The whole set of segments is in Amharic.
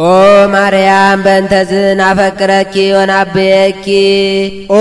ኦ ማርያም በእንተዝን አፈቅረኪ ወናብየኪ ኦ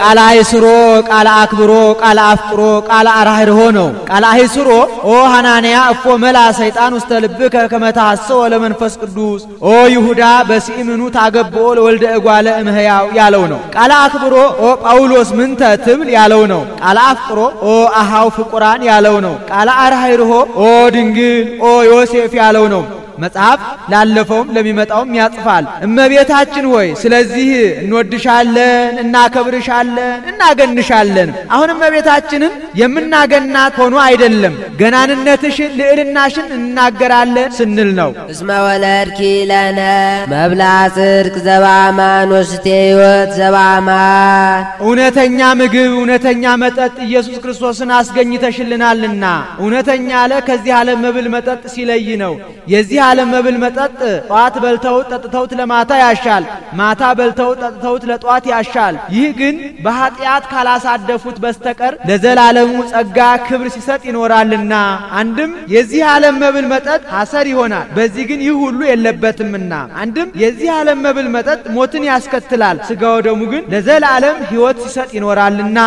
ቃል አይስሮ ቃል አክብሮ ቃል አፍቅሮ ቃል አራህርሆ ነው። ቃል አይስሮ ኦ ሐናንያ እፎ መላ ሰይጣን ውስተ ልብከ ከመ ተሐስቦ ለመንፈስ ቅዱስ ኦ ይሁዳ በሲእምኑ ታገብኦ ለወልደ እጓለ እምህያው ያለው ነው። ቃል አክብሮ ኦ ጳውሎስ ምንተ ትብል ያለው ነው። ቃል አፍቅሮ ኦ አሃው ፍቁራን ያለው ነው። ቃለ አራህርሆ ኦ ድንግል ኦ ዮሴፍ ያለው ነው። መጽሐፍ ላለፈውም ለሚመጣውም ያጽፋል። እመቤታችን ሆይ ስለዚህ እንወድሻለን፣ እናከብርሻለን፣ እናገንሻለን። አሁን እመቤታችንን የምናገናት ሆኖ አይደለም ገናንነትሽን፣ ልዕልናሽን እናገራለን ስንል ነው። እስመ ወለድኪ ለነ መብላ ጽድቅ ዘባማን ወስቴ ሕይወት ዘባማን እውነተኛ ምግብ እውነተኛ መጠጥ ኢየሱስ ክርስቶስን አስገኝተሽልናልና እውነተኛ አለ ከዚህ ዓለም መብል መጠጥ ሲለይ ነው የዚህ ያለ መብል መጠጥ ጠዋት በልተው ጠጥተውት ለማታ ያሻል፣ ማታ በልተው ጠጥተውት ለጠዋት ያሻል። ይህ ግን በኃጢአት ካላሳደፉት በስተቀር ለዘላለሙ ጸጋ ክብር ሲሰጥ ይኖራልና። አንድም የዚህ ዓለም መብል መጠጥ ሐሰር ይሆናል። በዚህ ግን ይህ ሁሉ የለበትምና አንድም የዚህ ዓለም መብል መጠጥ ሞትን ያስከትላል። ሥጋው ደሙ ግን ለዘላለም ሕይወት ሲሰጥ ይኖራልና።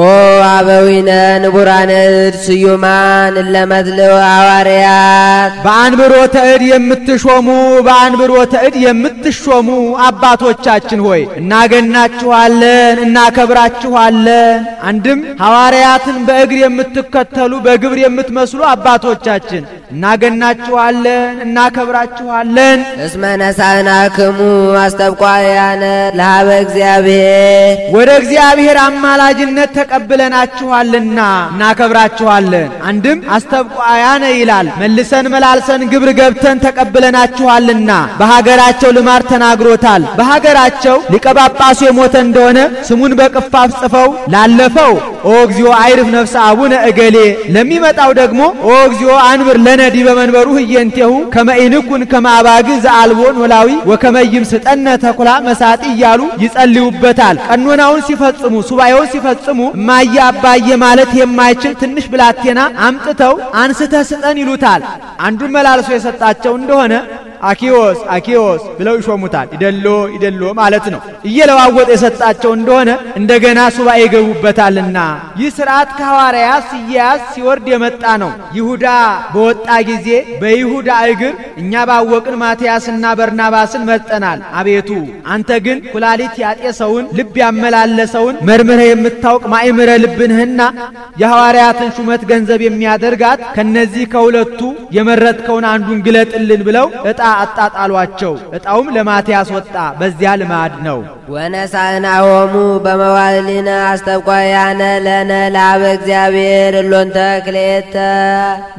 ኦ አበዊነ ንቡራነ እድ ስዩማን ለመድልው አዋርያት በአንብሮተ እድ የምትሾሙ በአንብሮተ እድ የምትሾሙ አባቶቻችን ሆይ እናገናችኋለን፣ እናከብራችኋለን። አንድም ሐዋርያትን በእግር የምትከተሉ በግብር የምትመስሉ አባቶቻችን እናገናችኋለን፣ እናከብራችኋለን። እስመ ነሳህናክሙ አስተብቋያነ ለሀበ እግዚአብሔር ወደ እግዚአብሔር አማላጅነት ተቀብለናችኋልና እናከብራችኋለን። አንድም አስተብቋያነ ይላል መልሰን መላልሰን ግብር ገብተን ሰጥተን ተቀብለናችኋልና በሀገራቸው ልማር ተናግሮታል። በሀገራቸው ሊቀጳጳሱ የሞተ እንደሆነ ስሙን በቅፋፍ ጽፈው ላለፈው ኦ እግዚኦ አይርፍ ነፍሰ አቡነ እገሌ ለሚመጣው ደግሞ ኦ እግዚኦ አንብር ለነዲ በመንበሩ ህየንቴሁ ከመኢንኩን ከማባግ ዘአልቦን ወላዊ ወከመይም ስጠነ ተኩላ መሳጢ እያሉ ይጸልዩበታል። ቀኖናውን ሲፈጽሙ ሱባኤውን ሲፈጽሙ እማየ አባየ ማለት የማይችል ትንሽ ብላቴና አምጥተው አንስተ ስጠን ይሉታል። አንዱን መላልሶ የሰጣቸው condong anak አኪዮስ አኪዮስ ብለው ይሾሙታል። ይደሎ ይደሎ ማለት ነው። እየለዋወጠ የሰጣቸው እንደሆነ እንደገና ሱባኤ ይገቡበታልና ይህ ስርዓት ከሐዋርያት ሲያያዝ ሲወርድ የመጣ ነው። ይሁዳ በወጣ ጊዜ በይሁዳ እግር እኛ ባወቅን ማትያስና በርናባስን መርጠናል። አቤቱ አንተ ግን ኩላሊት ያጤሰውን ልብ ያመላለሰውን መርምረህ የምታውቅ ማእምረ ልብንህና የሐዋርያትን ሹመት ገንዘብ የሚያደርጋት ከነዚህ ከሁለቱ የመረጥከውን አንዱን ግለጥልን ብለው ዕጣ አጣጣሏቸው። ዕጣውም ለማትያስ ወጣ። በዚያ ልማድ ነው። ወነሳናሆሙ በመዋልሊነ አስተብቋያነ ለነ ለአበ እግዚአብሔር እሎንተ ክሌተ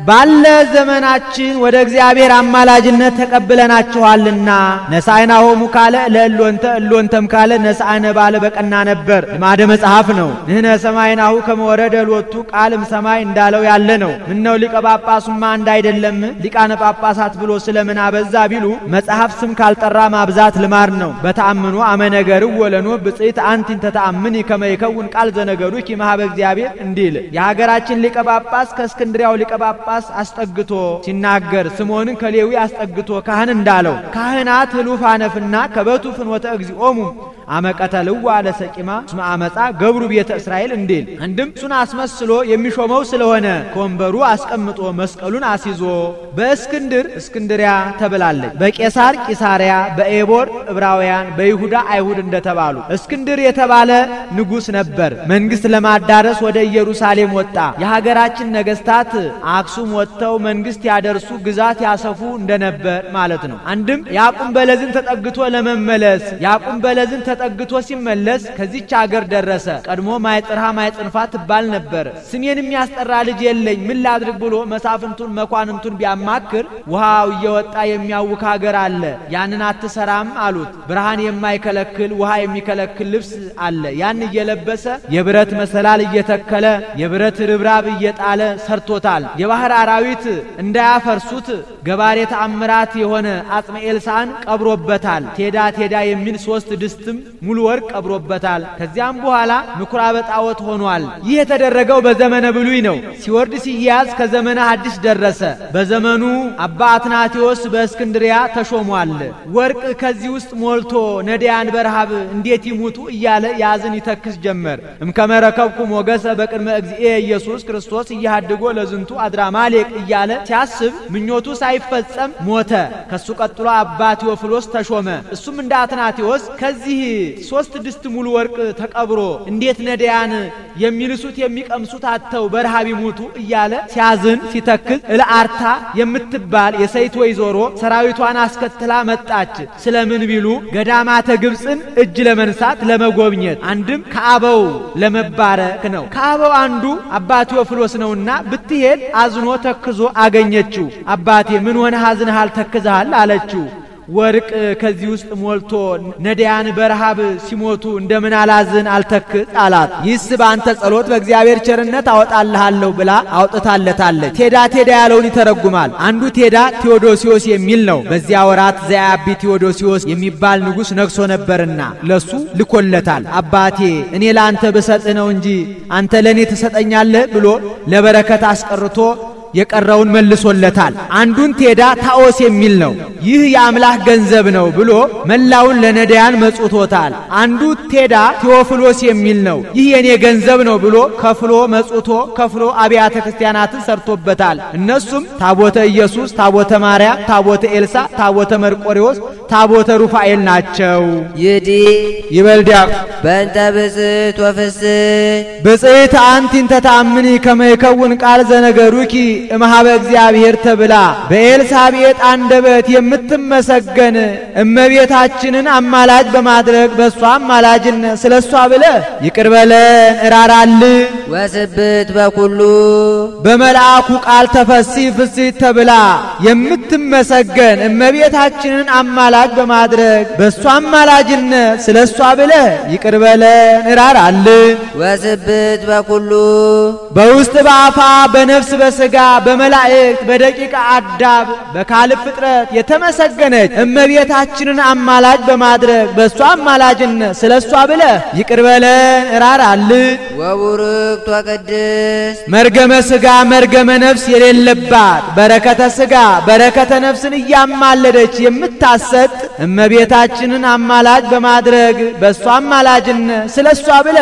ባለ ዘመናችን ወደ እግዚአብሔር አማላጅነት ተቀብለናችኋልና ነሳይናሆሙ ካለ ለእሎንተ እሎንተም ካለ ነሳአነ ባለ በቀና ነበር። ልማደ መጽሐፍ ነው። ንህነ ሰማይናሁ ከመወረደ ሎቱ ቃልም ሰማይ እንዳለው ያለ ነው። ምነው ሊቀ ጳጳሱማ እንዳይደለም ሊቃነ ጳጳሳት ብሎ ስለምን አበዛ ቢሉ መጽሐፍ ስም ካልጠራ ማብዛት ልማድ ነው። በተአምኑ አመነገ ይንገርዎ ለኖህ ብፅዕት አንቲን ተተአምኒ ከመ ይከውን ቃል ዘነገሩኪ መሀበ እግዚአብሔር እንዲል የሀገራችን ሊቀ ጳጳስ ከእስክንድሪያው ሊቀ ጳጳስ አስጠግቶ ሲናገር ስምዖንን ከሌዊ አስጠግቶ ካህን እንዳለው ካህናት ህሉፋነፍና ከበቱ ፍኖተ እግዚኦሙ አለ ሰቂማ እስመ አመፃ ገብሩ ቤተ እስራኤል እንዲል አንድም እሱን አስመስሎ የሚሾመው ስለሆነ ከወንበሩ አስቀምጦ መስቀሉን አስይዞ በእስክንድር እስክንድሪያ ተብላለች፣ በቄሳር ቂሳሪያ፣ በኤቦር ዕብራውያን፣ በይሁዳ አይሁድ እንደተባሉ። እስክንድር የተባለ ንጉሥ ነበር። መንግሥት ለማዳረስ ወደ ኢየሩሳሌም ወጣ። የሀገራችን ነገሥታት አክሱም ወጥተው መንግሥት ያደርሱ፣ ግዛት ያሰፉ እንደነበር ማለት ነው። አንድም ያቁም በለዝን ተጠግቶ ለመመለስ ያቁም በለዝን ተጠግቶ ሲመለስ ከዚች አገር ደረሰ። ቀድሞ ማይጥርሃ ማይጽንፋ ትባል ነበር። ስሜን የሚያስጠራ ልጅ የለኝ ምን ላድርግ ብሎ መሳፍንቱን መኳንንቱን ቢያማክር ውሃው እየወጣ የሚያውክ አገር አለ፣ ያንን አትሰራም አሉት። ብርሃን የማይከለክል ውሃ የሚከለክል ልብስ አለ። ያን እየለበሰ የብረት መሰላል እየተከለ የብረት ርብራብ እየጣለ ሰርቶታል። የባህር አራዊት እንዳያፈርሱት ገባሬ ተአምራት የሆነ አጽምኤል ሳህን ቀብሮበታል። ቴዳ ቴዳ የሚል ሶስት ድስትም ሙሉ ወርቅ ቀብሮበታል። ከዚያም በኋላ ምኩራበ ጣዖት ሆኗል። ይህ የተደረገው በዘመነ ብሉይ ነው። ሲወርድ ሲያያዝ ከዘመነ አዲስ ደረሰ። በዘመኑ አባ አትናቴዎስ በእስክንድሪያ ተሾሟል። ወርቅ ከዚህ ውስጥ ሞልቶ ነዳያን በረሃ ረካብ እንዴት ይሙቱ እያለ ያዝን ይተክስ ጀመር። እምከመረከብኩ ሞገሰ በቅድመ እግዚእ ኢየሱስ ክርስቶስ እያሃድጎ ለዝንቱ አድራማሌቅ እያለ ሲያስብ ምኞቱ ሳይፈጸም ሞተ። ከሱ ቀጥሎ አባ ቴዎፍሎስ ተሾመ። እሱም እንደ አትናቴዎስ ከዚህ ሶስት ድስት ሙሉ ወርቅ ተቀብሮ እንዴት ነዳያን የሚልሱት የሚቀምሱት አጥተው በረሃብ ይሙቱ እያለ ሲያዝን ሲተክዝ እልአርታ የምትባል የሰይት ወይዘሮ ሰራዊቷን አስከትላ መጣች። ስለምን ቢሉ ገዳማተ ግብፅን እጅ ለመንሳት ለመጎብኘት፣ አንድም ከአበው ለመባረክ ነው። ከአበው አንዱ አባቴ ቴዎፍሎስ ነውና ብትሄድ አዝኖ ተክዞ አገኘችው። አባቴ ምን ሆነ አዝነሃል ተክዘሃል አለችው። ወርቅ ከዚህ ውስጥ ሞልቶ ነዳያን በረሃብ ሲሞቱ እንደምን አላዝን አልተክዝ አላት። ይህስ በአንተ ጸሎት በእግዚአብሔር ቸርነት አወጣልሃለሁ ብላ አውጥታለታለች። ቴዳ ቴዳ ያለውን ይተረጉማል። አንዱ ቴዳ ቴዎዶሲዎስ የሚል ነው። በዚያ ወራት ዘያቢ ቴዎዶሲዎስ የሚባል ንጉሥ ነግሶ ነበርና ለሱ ልኮለታል። አባቴ እኔ ለአንተ ብሰጥ ነው እንጂ አንተ ለእኔ ትሰጠኛለህ ብሎ ለበረከት አስቀርቶ የቀረውን መልሶለታል። አንዱን ቴዳ ታኦስ የሚል ነው። ይህ የአምላክ ገንዘብ ነው ብሎ መላውን ለነዳያን መጽቶታል። አንዱ ቴዳ ቴዎፍሎስ የሚል ነው። ይህ የኔ ገንዘብ ነው ብሎ ከፍሎ መጽቶ ከፍሎ አብያተ ክርስቲያናትን ሰርቶበታል። እነሱም ታቦተ ኢየሱስ፣ ታቦተ ማርያም፣ ታቦተ ኤልሳ፣ ታቦተ መርቆሬዎስ፣ ታቦተ ሩፋኤል ናቸው። ይዲ ይበልዲያ በእንተ ብጽት ወፍስ ብጽት አንቲን ተታምኒ ከመይከውን ቃል ዘነገሩኪ እምሃበ እግዚአብሔር ተብላ በኤልሳቤጥ አንደበት የምትመሰገን እመቤታችንን አማላጅ በማድረግ በእሷ አማላጅነት ስለ እሷ ብለ ይቅር በለን እራራል ወስብት በኩሉ በመልአኩ ቃል ተፈሲ ፍስት ተብላ የምትመሰገን እመቤታችንን አማላጅ በማድረግ በእሷ አማላጅነት ስለ እሷ ብለ ይቅር በለን እራራል ወስብት በኩሉ በውስጥ በአፋ በነፍስ በስጋ በመላእክት በደቂቀ አዳብ በካል ፍጥረት የተመሰገነች እመቤታችንን አማላጅ በማድረግ በእሷ አማላጅነት ስለ እሷ ብለ ይቅር በለን እራራልን። ወቡርክት ወቅድስት መርገመ ስጋ መርገመ ነፍስ የሌለባት በረከተ ስጋ በረከተ ነፍስን እያማለደች የምታሰጥ እመቤታችንን አማላጅ በማድረግ በእሷ አማላጅነት ስለ እሷ ብለ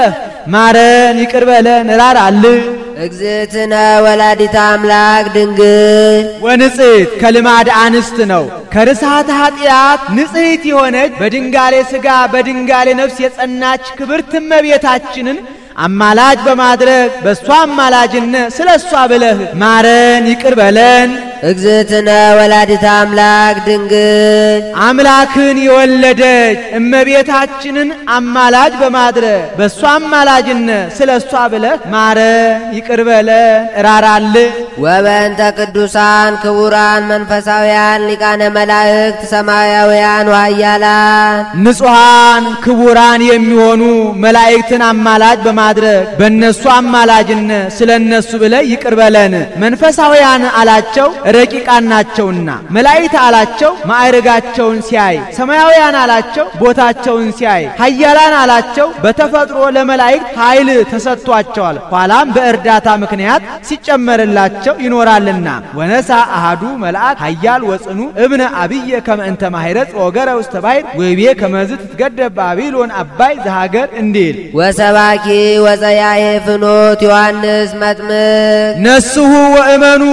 ማረን ይቅር በለን እራራልን። እግዝእትነ ወላዲተ አምላክ ድንግል ወንጽሕት ከልማድ አንስት ነው። ከርሳት ኃጢአት ንጽሕት የሆነች በድንጋሌ ሥጋ በድንጋሌ ነፍስ የጸናች ክብርት እመቤታችንን አማላጅ በማድረግ በእሷ አማላጅነት ስለ እሷ ብለህ ማረን፣ ይቅር በለን። እግዝእትነ ወላዲተ አምላክ ድንግል አምላክን የወለደች እመቤታችንን አማላጅ በማድረግ በእሷ አማላጅነት ስለ እሷ ብለህ ማረን፣ ይቅርበለን፣ እራራልን። ወበእንተ ቅዱሳን ክቡራን መንፈሳውያን ሊቃነ መላእክት ሰማያውያን ዋያላን ንጹሐን ክቡራን የሚሆኑ መላእክትን አማላጅ በማድረግ በእነሱ አማላጅነት ስለ እነሱ ብለህ ይቅርበለን መንፈሳውያን አላቸው። ረቂቃን ናቸውና መላእክት አላቸው ማዕረጋቸውን ሲያይ፣ ሰማያውያን አላቸው ቦታቸውን ሲያይ፣ ኃያላን አላቸው በተፈጥሮ ለመላእክት ኃይል ተሰጥቷቸዋል። ኋላም በእርዳታ ምክንያት ሲጨመርላቸው ይኖራልና ወነሳ አሃዱ መልአክ ኃያል ወጽኑ እብነ አብየ ከመእንተ ማሕረጽ ወገረ ውስተ ባሕር ወይቤ ከመዝ ትትገደብ ባቢሎን አባይ ዘሃገር እንዲል ወሰባኪ ወፀያየ ፍኖት ዮሐንስ መጥምቅ ነስሁ ወእመኑ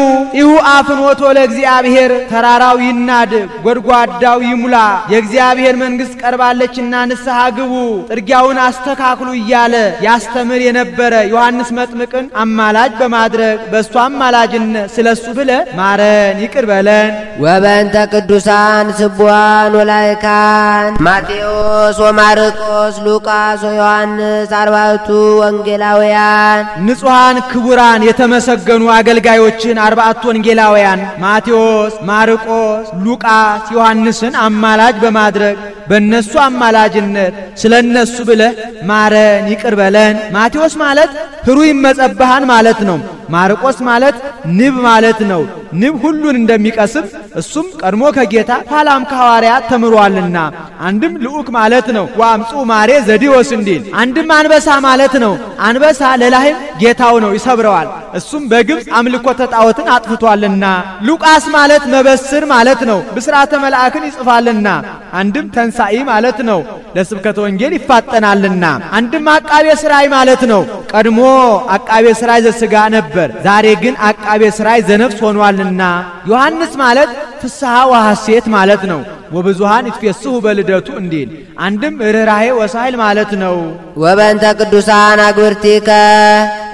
ይሁ አፍኖ ሞቶ ለእግዚአብሔር ተራራው ይናድ፣ ጎድጓዳው ይሙላ፣ የእግዚአብሔር መንግሥት ቀርባለችና ንስሐ ግቡ፣ ጥርጊያውን አስተካክሉ እያለ ያስተምር የነበረ ዮሐንስ መጥምቅን አማላጅ በማድረግ በእሱ አማላጅነት ስለ እሱ ብለ ማረን ይቅር በለን። ወበእንተ ቅዱሳን ስቡሃን ወላይካን ማቴዎስ ወማርቆስ ሉቃስ ወዮሐንስ አርባቱ ወንጌላውያን ንጹሐን ክቡራን የተመሰገኑ አገልጋዮችን አርባቱ ወንጌላውያን ማቴዎስ፣ ማርቆስ፣ ሉቃስ፣ ዮሐንስን አማላጅ በማድረግ በእነሱ አማላጅነት ስለ እነሱ ብለህ ማረን ይቅር በለን። ማቴዎስ ማለት ህሩ ይመጸብሃን ማለት ነው። ማርቆስ ማለት ንብ ማለት ነው። ንብ ሁሉን እንደሚቀስብ እሱም ቀድሞ ከጌታ ኋላም ከሐዋርያት ተምሯልና፣ አንድም ልዑክ ማለት ነው። ዋምፁ ማሬ ዘዲዎስ እንዲል አንድም አንበሳ ማለት ነው። አንበሳ ለላህም ጌታው ነው፣ ይሰብረዋል። እሱም በግብፅ አምልኮ ተጣዖትን አጥፍቷልና። ሉቃስ ማለት መበስር ማለት ነው። ብስራተ መልአክን ይጽፋልና፣ አንድም ተንሳ ትንሣኤ ማለት ነው። ለስብከተ ወንጌል ይፋጠናልና አንድም አቃቤ ሥራይ ማለት ነው። ቀድሞ አቃቤ ሥራይ ዘሥጋ ነበር፣ ዛሬ ግን አቃቤ ሥራይ ዘነፍስ ሆኗልና ዮሐንስ ማለት ፍስሐ ወሐሴት ማለት ነው። ወብዙሃን ይትፌስሑ በልደቱ እንዲል አንድም ርኅራሄ ወሳይል ማለት ነው። ወበእንተ ቅዱሳን አግብርቲከ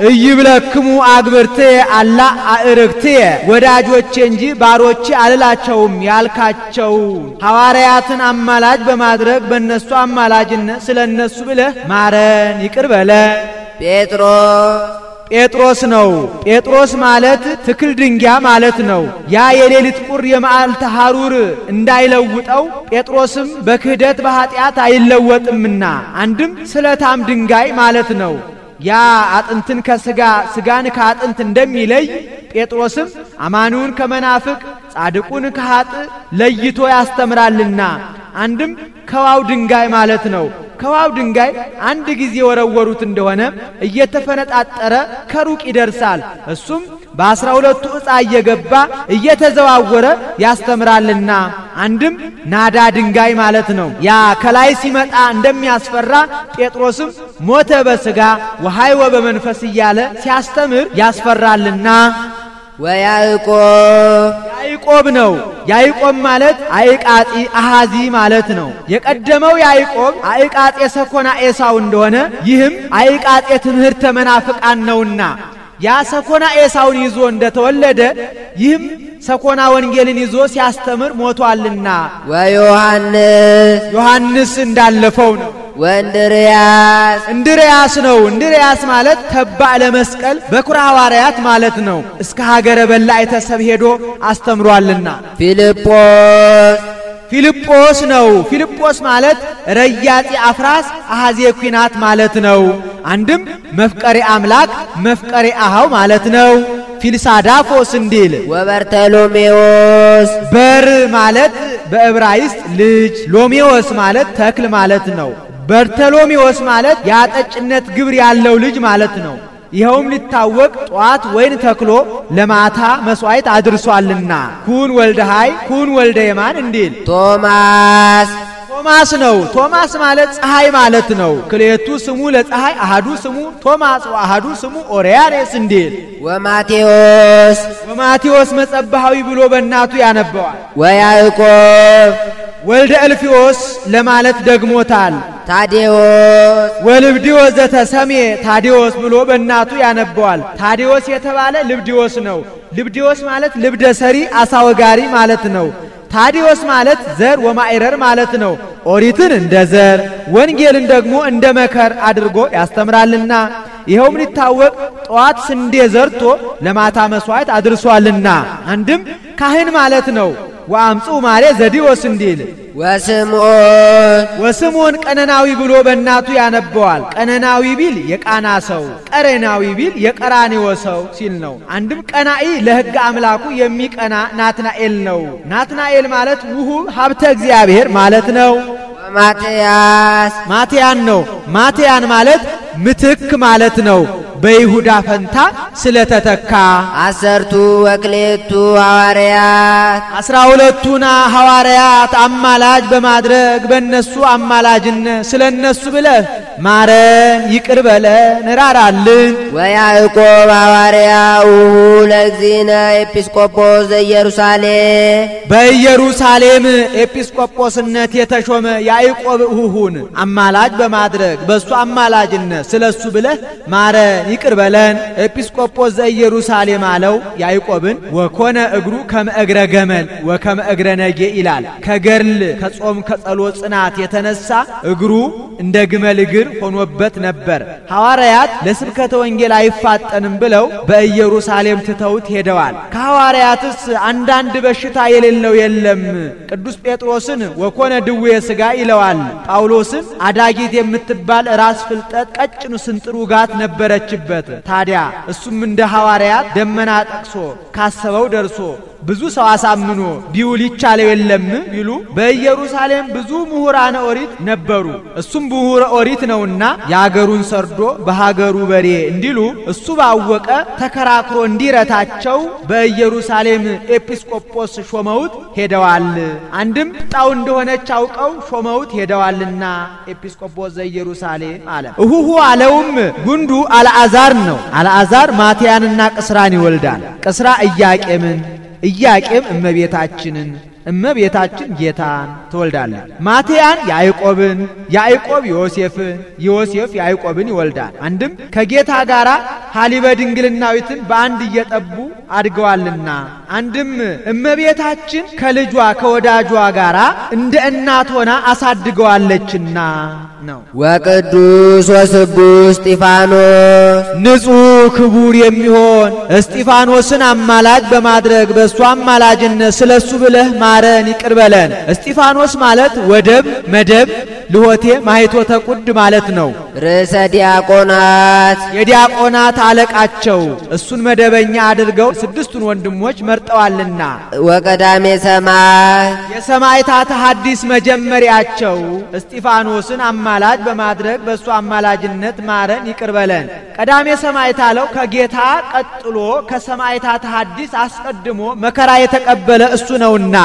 እይብለክሙ አግብርቴ አላ አእርክትየ ወዳጆቼ እንጂ ባሮቼ አልላቸውም ያልካቸው ሐዋርያትን አማላጅ በማድረግ በእነሱ አማላጅነት ስለ እነሱ ብለህ ማረን፣ ይቅር ጴጥሮስ ጴጥሮስ ነው። ጴጥሮስ ማለት ትክል ድንጊያ ማለት ነው። ያ የሌሊት ቁር የመዓልተ ሐሩር እንዳይለውጠው ጴጥሮስም በክህደት በኀጢአት አይለወጥምና አንድም ስለታም ድንጋይ ማለት ነው። ያ አጥንትን ከስጋ ስጋን ከአጥንት እንደሚለይ ጴጥሮስም አማኑን ከመናፍቅ ጻድቁን ከኀጥ ለይቶ ያስተምራልና አንድም ከዋው ድንጋይ ማለት ነው። ከውሃው ድንጋይ አንድ ጊዜ ወረወሩት እንደሆነ እየተፈነጣጠረ ከሩቅ ይደርሳል። እሱም በአስራ ሁለቱ ዕፃ እየገባ እየተዘዋወረ ያስተምራልና አንድም ናዳ ድንጋይ ማለት ነው። ያ ከላይ ሲመጣ እንደሚያስፈራ ጴጥሮስም ሞተ በሥጋ ወሐይወ በመንፈስ እያለ ሲያስተምር ያስፈራልና ወያዕቆብ ያዕቆብ ነው። ያዕቆብ ማለት አይቃጺ አሃዚ ማለት ነው። የቀደመው ያዕቆብ አይቃጼ ሰኮና ኤሳው እንደሆነ ይህም አይቃጼ ትምህርተ መናፍቃን ነውና ያ ሰኮና ኤሳውን ይዞ እንደተወለደ ይህም ሰኮና ወንጌልን ይዞ ሲያስተምር ሞቷልና ወዮሐንስ ዮሐንስ እንዳለፈው ነው። ወእንድርያስ እንድርያስ ነው። እንድርያስ ማለት ተባዕ ለመስቀል በኩረ ሐዋርያት ማለት ነው። እስከ ሀገረ በላ አይተሰብ ሄዶ አስተምሯልና። ፊልጶስ ፊልጶስ ነው። ፊልጶስ ማለት ረያጢ አፍራስ አሐዜ ኩናት ማለት ነው። አንድም መፍቀሬ አምላክ መፍቀሬ አሃው ማለት ነው። ፊልሳዳፎስ እንዲል ወበርተሎሜዎስ በር ማለት በዕብራይስጥ ልጅ፣ ሎሜዎስ ማለት ተክል ማለት ነው። በርተሎሜዎስ ማለት የአጠጭነት ግብር ያለው ልጅ ማለት ነው። ይኸውም ሊታወቅ ጠዋት ወይን ተክሎ ለማታ መሥዋዕት አድርሷልና ኩን ወልደ ሃይ ኩን ወልደ የማን እንዲል ቶማስ ቶማስ ነው። ቶማስ ማለት ፀሐይ ማለት ነው። ክሌቱ ስሙ ለፀሐይ አህዱ ስሙ ቶማስ ወአሃዱ ስሙ ኦሪያሬስ እንዴል ወማቴዎስ ወማቴዎስ መጸባሃዊ ብሎ በእናቱ ያነበዋል። ወያዕቆብ ወልደ እልፊዎስ ለማለት ደግሞታል። ታዴዎስ ወልብዲዎስ ዘተሰሜ ታዴዎስ ብሎ በእናቱ ያነበዋል። ታዴዎስ የተባለ ልብዲዎስ ነው። ልብዲዎስ ማለት ልብደሰሪ አሳወጋሪ ማለት ነው። ታዲዮስ ማለት ዘር ወማዕረር ማለት ነው። ኦሪትን እንደ ዘር ወንጌልን ደግሞ እንደ መከር አድርጎ ያስተምራልና ይኸውም ሊታወቅ ጠዋት ስንዴ ዘርቶ ለማታ መሥዋዕት አድርሷልና። አንድም ካህን ማለት ነው። ወአምፁ ማሬ ዘዲዎስ እንዲል ወስምዖን ወስምዖን ቀነናዊ ብሎ በእናቱ ያነበዋል። ቀነናዊ ቢል የቃና ሰው፣ ቀሬናዊ ቢል የቀራኔዎ ሰው ሲል ነው። አንድም ቀናኢ ለሕግ አምላኩ የሚቀና ናትናኤል ነው። ናትናኤል ማለት ውሁብ ሀብተ እግዚአብሔር ማለት ነው። ማትያስ ማትያን ነው። ማትያን ማለት ምትክ ማለት ነው። በይሁዳ ፈንታ ስለተተካ አሰርቱ ወክሌቱ ሐዋርያት አስራ ሁለቱና ሐዋርያት አማላጅ በማድረግ በእነሱ አማላጅነት ስለ እነሱ ብለህ ማረን፣ ይቅር በለን፣ ራራልን። ወያዕቆብ ሐዋርያ ውሁ ለእግዚእነ ኤጲስቆጶስ ዘኢየሩሳሌም በኢየሩሳሌም ኤጲስቆጶስነት የተሾመ ያዕቆብ ውሁን አማላጅ በማድረግ በእሱ አማላጅነት ስለ እሱ ብለህ ማረን ይቅር በለን ኤጲስቆጶስ ዘኢየሩሳሌም አለው ያዕቆብን ወኮነ እግሩ ከመእግረ ገመል ወከመ እግረ ነጌ ይላል። ከገርል ከጾም ከጸሎ ጽናት የተነሳ እግሩ እንደ ግመል እግር ሆኖበት ነበር። ሐዋርያት ለስብከተ ወንጌል አይፋጠንም ብለው በኢየሩሳሌም ትተውት ሄደዋል። ከሐዋርያትስ አንዳንድ በሽታ የሌለው የለም። ቅዱስ ጴጥሮስን ወኮነ ድዌ ሥጋ ይለዋል። ጳውሎስን አዳጊት የምትባል ራስ ፍልጠት ቀጭኑ ስንጥሩ ጋት ነበረች ቢመሽበት ታዲያ እሱም እንደ ሐዋርያት ደመና ጠቅሶ ካሰበው ደርሶ ብዙ ሰው አሳምኖ ቢውል ይቻለው የለም ቢሉ በኢየሩሳሌም ብዙ ምሁራነ ኦሪት ነበሩ። እሱም ምሁረ ኦሪት ነውና የአገሩን ሰርዶ በሀገሩ በሬ እንዲሉ እሱ ባወቀ ተከራክሮ እንዲረታቸው በኢየሩሳሌም ኤጲስቆጶስ ሾመውት ሄደዋል። አንድም ጣው እንደሆነች አውቀው ሾመውት ሄደዋልና ኤጲስቆጶስ ዘኢየሩሳሌም አለ። እሁሁ አለውም ጉንዱ አልአዛር ነው። አልአዛር ማትያንና ቅስራን ይወልዳል። ቅስራ እያቄምን። እያቄም እመቤታችንን እመቤታችን ጌታን ትወልዳለን። ማቴያን ያዕቆብን፣ ያዕቆብ ዮሴፍን፣ ዮሴፍ ያዕቆብን ይወልዳል። አንድም ከጌታ ጋር ሀሊበ ድንግልናዊትን በአንድ እየጠቡ አድገዋልና አንድም እመቤታችን ከልጇ ከወዳጇ ጋር እንደ እናት ሆና አሳድገዋለችና ነው። ወቅዱስ ወስቡ እስጢፋኖስ ንጹሕ ክቡር የሚሆን እስጢፋኖስን አማላጅ በማድረግ በእሱ አማላጅነት ስለ እሱ ብለህ ማረን ይቅር በለን። እስጢፋኖስ ማለት ወደብ፣ መደብ ልሆቴ ማይቶተ ቁድ ማለት ነው። ርዕሰ ዲያቆናት የዲያቆናት አለቃቸው እሱን መደበኛ አድርገው ስድስቱን ወንድሞች መርጠዋልና ወቀዳሜ ሰማይ የሰማይታት ሐዲስ መጀመሪያቸው እስጢፋኖስን አማላጅ በማድረግ በእሱ አማላጅነት ማረን ይቅርበለን። ቀዳሜ ሰማዕት አለው ከጌታ ቀጥሎ ከሰማይታት ሐዲስ አስቀድሞ መከራ የተቀበለ እሱ ነውና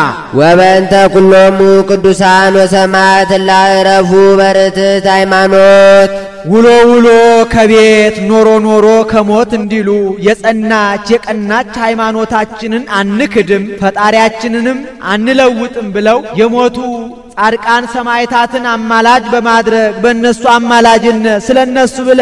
ወበእንተ ኩሎሙ ቅዱሳን ወሰማዕት ላእረ ዘረፉ በርትዕት ሃይማኖት ውሎ ውሎ ከቤት ኖሮ ኖሮ ከሞት እንዲሉ የጸናች የቀናች ሃይማኖታችንን አንክድም ፈጣሪያችንንም አንለውጥም ብለው የሞቱ ጻድቃን ሰማዕታትን አማላጅ በማድረግ በእነሱ አማላጅነት ስለ እነሱ ብለ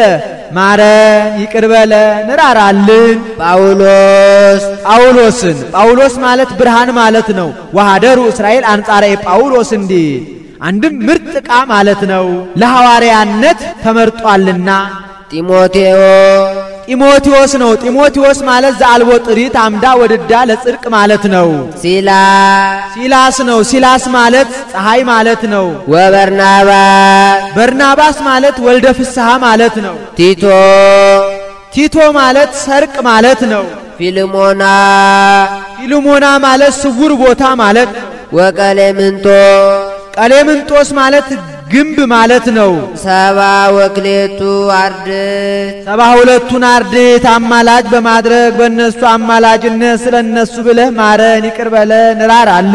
ማረን፣ ይቅር በለ ንራራልን ጳውሎስ ጳውሎስን ጳውሎስ ማለት ብርሃን ማለት ነው። ወሃደሩ እስራኤል አንጻረ ጳውሎስ እንዲል አንድም ምርጥ ዕቃ ማለት ነው፣ ለሐዋርያነት ተመርጧልና። ጢሞቴዎስ ጢሞቴዎስ ነው። ጢሞቴዎስ ማለት ዘአልቦ ጥሪት አምዳ ወድዳ ለጽድቅ ማለት ነው። ሲላ ሲላስ ነው። ሲላስ ማለት ፀሐይ ማለት ነው። ወበርናባስ በርናባስ ማለት ወልደ ፍስሐ ማለት ነው። ቲቶ ቲቶ ማለት ሰርቅ ማለት ነው። ፊልሞና ፊልሞና ማለት ስውር ቦታ ማለት ነው። ወቀሌምንቶ ቀሌምንጦስ ማለት ግንብ ማለት ነው። ሰባ ወክሌቱ አርድት ሰባ ሁለቱን አርድት አማላጅ በማድረግ በእነሱ አማላጅነት ስለ እነሱ ብለህ ማረን፣ ይቅር በለን፣ አለ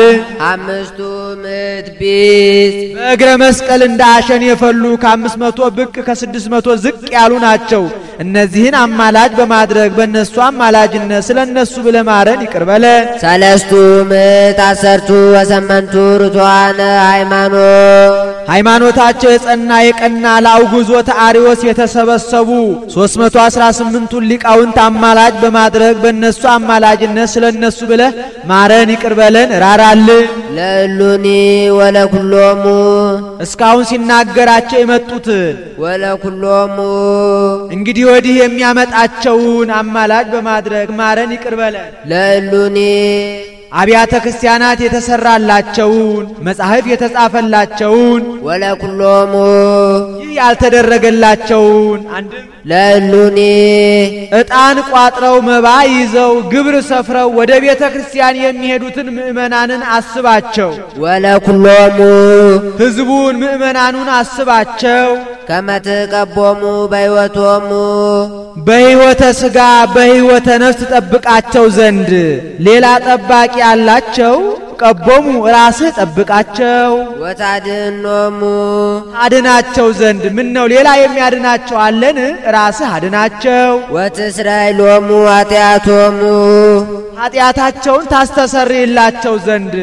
አምስቱ ምት ቢስ በእግረ መስቀል እንደ አሸን የፈሉ ከአምስት መቶ ብቅ ከስድስት መቶ ዝቅ ያሉ ናቸው። እነዚህን አማላጅ በማድረግ በእነሱ አማላጅነት ስለ እነሱ ብለማረን ይቅር በለን። ሰለስቱ ምዕት አሰርቱ ወሰመንቱ ርቱዓነ ሃይማኖት ሃይማኖታቸው የጸና የቀና ለአውግዞተ አርዮስ የተሰበሰቡ 318ቱን ሊቃውንት አማላጅ በማድረግ በእነሱ አማላጅነት ስለ እነሱ ብለ ማረን ይቅር በለን ራራልን። ለእሉኒ ወለኩሎሙ እስካሁን ሲናገራቸው የመጡትን ወለኩሎሙ እንግዲህ ወዲህ የሚያመጣቸውን አማላጭ በማድረግ ማረን ይቅር በለን። ለእሉኒ አብያተ ክርስቲያናት የተሰራላቸውን መጻሕፍ የተጻፈላቸውን ወለኩሎሙ ይህ ያልተደረገላቸውን አንድም ለእሉኒ ዕጣን ቋጥረው መባ ይዘው ግብር ሰፍረው ወደ ቤተ ክርስቲያን የሚሄዱትን ምእመናንን አስባቸው። ወለኩሎሙ ሕዝቡን ምእመናኑን አስባቸው። ከመትቀቦሙ በሕይወቶሙ በሕይወተ ሥጋ በሕይወተ ነፍስ ጠብቃቸው ዘንድ ሌላ ጠባቂ ያላቸው ቀቦሙ ራስህ ጠብቃቸው። ወታድኖሙ አድናቸው ዘንድ ምን ነው ሌላ የሚያድናቸው አለን? ራስህ አድናቸው። ወትስራይሎሙ ኃጢአቶሙ ኃጢአታቸውን ታስተሰርይላቸው ዘንድ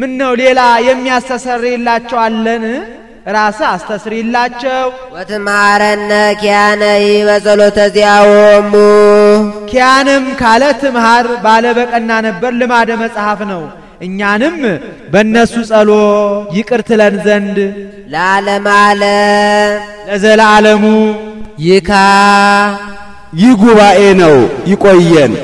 ምን ነው ሌላ የሚያስተሰርይላቸው አለን? ራስ አስተስሪላቸው ወትምሃረነ ኪያነይ በጸሎተ ዚያወሙ ኪያንም ካለ ትምሃር ባለ በቀና ነበር ልማደ መጽሐፍ ነው። እኛንም በእነሱ ጸሎ ይቅር ትለን ዘንድ ለዓለም አለ ለዘላለሙ ይካ ይህ ጉባኤ ነው። ይቆየን።